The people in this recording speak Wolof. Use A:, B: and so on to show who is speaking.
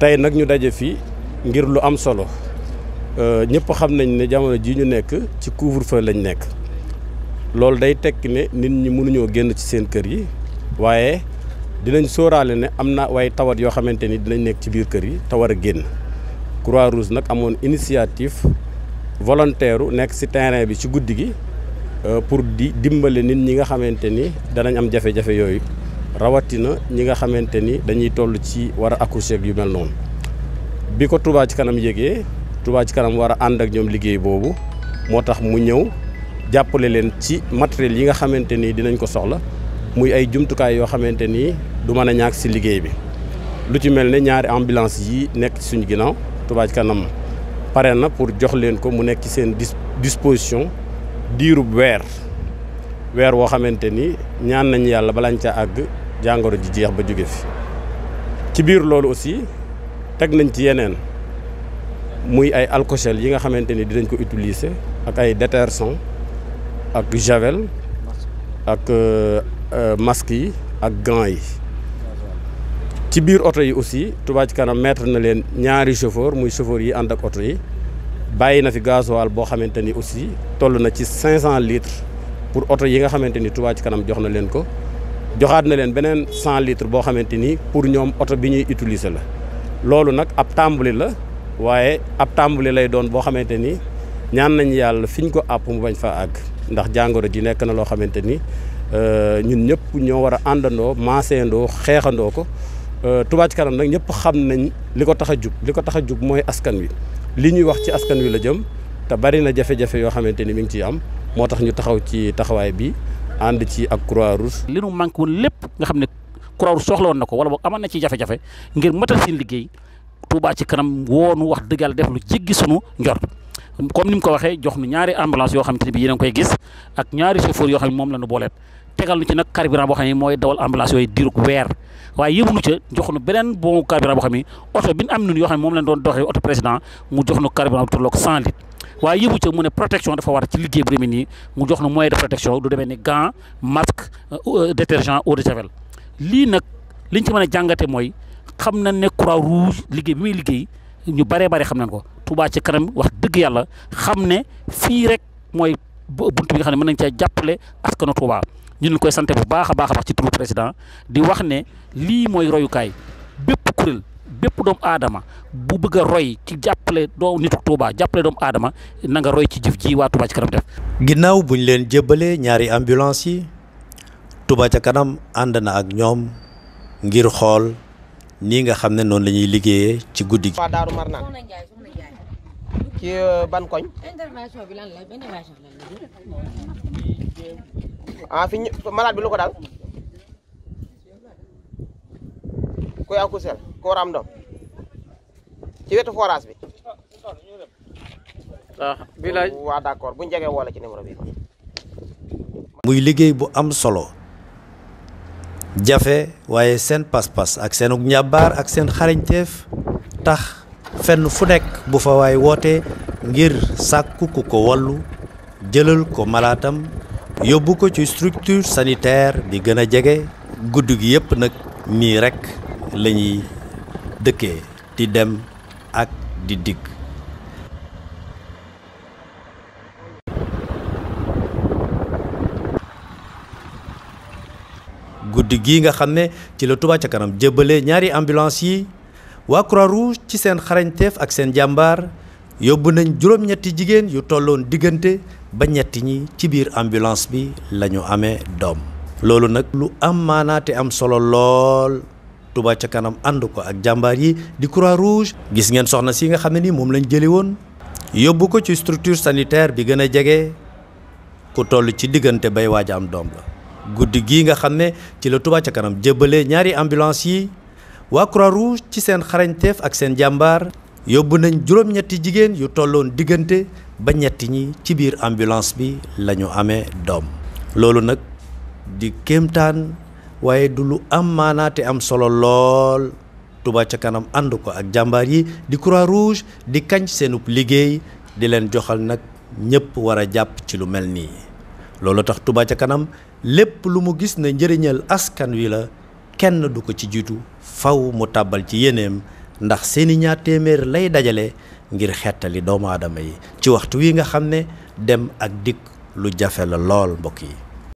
A: tey nag ñu daje fi ngir lu am solo euh, ñëpp xam nañ ne jamono jii ñu nekk ci couvre-feu lañ nekk loolu day tekki ne nit ñi mënuñoo génn ci seen kër yi waaye dinañ sóoraale ne am na waaye tawat yoo xamante ni dinañ nekk ci biir kër yi te war a génn Croix-Rouge nag amoon initiative volontaire nekk ci terrain bi ci guddi gi euh, pour di dimbale nit ñi nga xamante ni danañ am jafe-jafe yooyu. rawatina ñi nga xamante ni dañuy toll ci war a accoucher yu mel noonu bi ko Touba ci kanam yëgee Touba ci kanam war a ànd ak ñoom liggéey boobu moo tax mu ñëw jàppale leen ci matériel yi nga xamante ni dinañ ko soxla muy ay jumtukaay yoo xamante ni du mën a ñàkk si liggéey bi lu ci mel ne ñaari ambulance yi nekk suñu ginnaaw Touba kanam pare na pour jox leen ko mu nekk ci seen disposition diirub weer weer woo xamante ni ñaan nañu yàlla balaañ ca àgg jàngoro ji jeex ba jóge fi ci biir loolu aussi teg nañ ci yeneen muy ay alcochel yi nga xamante ni dinañ ko utiliser ak ay déterson ak javel ak euh, masque yi ak gants yi ci biir oto yi aussi Touba ci kanam mettre na leen ñaari chauffeur muy chauffeur yi ànd ak oto yi bàyyi na fi gasoil boo xamante ni aussi toll na ci 500 litres pour oto yi nga xamante ni Touba ci kanam jox na leen ko joxaat na leen beneen cent litre boo xamante ni pour ñoom oto bi ñuy utiliser la loolu nag ab tàmbali la waaye ab tàmbali lay doon boo xamante ni ñaan nañ yàlla fiñ ko àpp mu bañ fa àgg ndax jàngoro ji nekk na loo xamante ni euh, ñun ñëpp ñoo war a àndandoo maaseendoo xeexandoo ko euh, Touba Ca Kanam nag ñëpp xam nañ li ko tax a jug li ko tax a jug mooy askan wi li ñuy wax ci askan wi la jëm te bari na jafe-jafe yoo xamante ni mu ngi ciy am moo tax ñu taxaw ci taxawaay bi ànd ci ak croix rouge. li nu manqué woon lépp nga xam ne croix rouge woon na ko wala boog amoon na ci jafe-jafe ngir matal seen
B: liggéey Touba ci kanam woonu wax dëggal def lu jéggi sunu njort. comme ni mu ko waxee jox nu ñaari ambulance yoo xam te ne bi yéen a koy gis ak ñaari chauffeur yoo xam moom la nu booleet tegal nu ci nag carburant boo xam ne mooy dawal ambulance yooyu diirug weer waaye yëmunu ca jox nu beneen bon carburant boo xam ne oto bi ñu am nun yoo xam ne protection dafa war ci liggéey bu demee nii mu jox nu moyen de protection du demee ni gant masque euh, euh, détergent eau de javel lii nag liñ ci mën jàngate mooy xam na ne croix ñu baree bari xam nañ ko Touba ci kanam wax dëgg yàlla xam ne fii rek mooy buntu bi nga xam ne mën nañ cee jàppale askanu tubaa ñu ngi koy sant bu baax a baax a ci turu président di wax ne lii mooy royukaay bépp kuréel bépp doomu aadama bu bëgg roy ci jàppale doomu nitu tuubaa jàppale doomu aadama nanga roy
C: ci jëf ji waa Touba ci kanam def. ginnaaw bu ñu leen jébbalee ñaari ambulance yi tubaa ci kanam ànd na ak ñoom ngir xool. nii nga xam ne noonu lañuy ñuy liggéeyee ci guddi gi. waa Daaru
B: Marnaan ci euh, ban koñ. ah fi ñu malade bi lu ko daal. kuy aw kusel kooram doom ci wetu forage bi. waaw ah, bii laaj. waaw d'accord buñ jege woo ci numéro bi.
C: muy liggéey bu am solo. jafe waaye seen pas-pas ak seen njàmbaar ak seen xarañteef tax fenn fu nekk bu fa waay woote ngir sàkku ko wallu jëlal ko malaatam yóbbu ko ci structure sanitaire bi gën a jege guddi gi yépp nag nii rekk lañuy dëkkee di dem ak di dikk guddi gii nga xam ne ci la Touba ca kanam jébbale ñaari ambulance yi waa Croix-Rouge ci seen xarañteef ak seen jàmbaar yóbbu nañ juróom-ñetti jigéen yu tolloon diggante ba ñetti ñi ci biir ambulance bi lañu ñu amee doom loolu nag lu am maanaate am solo lool Touba ca kanam ànd ko ak jàmbaar yi di Croix-Rouge gis ngeen soxna si nga xam ne ni moom lañ jëli woon yóbbu ko ci structure sanitaire bi gën a jege ku toll ci diggante bay waaj am doom la guddi gi nga xam ne ci la Touba ca kanam jébbale ñaari ambulance yi waa Croix-Rouge ci seen xarañteef ak seen jàmbaar yóbbu nañ juróom-ñetti jigéen yu tolloon diggante ba ñetti ñi ci biir ambulance bi la amee doom loolu nag di kéemtaan waaye du lu am maanaate am solo lool Touba ca kanam ànd ko ak jàmbaar yi di Croix-Rouge di kañ seenub liggéey di leen joxal nag ñëpp war a jàpp ci lu mel nii loolu tax Touba ca kanam lépp lu mu gis ne njëriñal askan wi la kenn du ko ci jiitu faw mu tàbbal ci yéeneem ndax seeni ñaar téeméer lay dajale ngir xettali doomu aadama yi ci waxtu wi nga xam ne dem ak dikk lu jafe la lool mbokk yi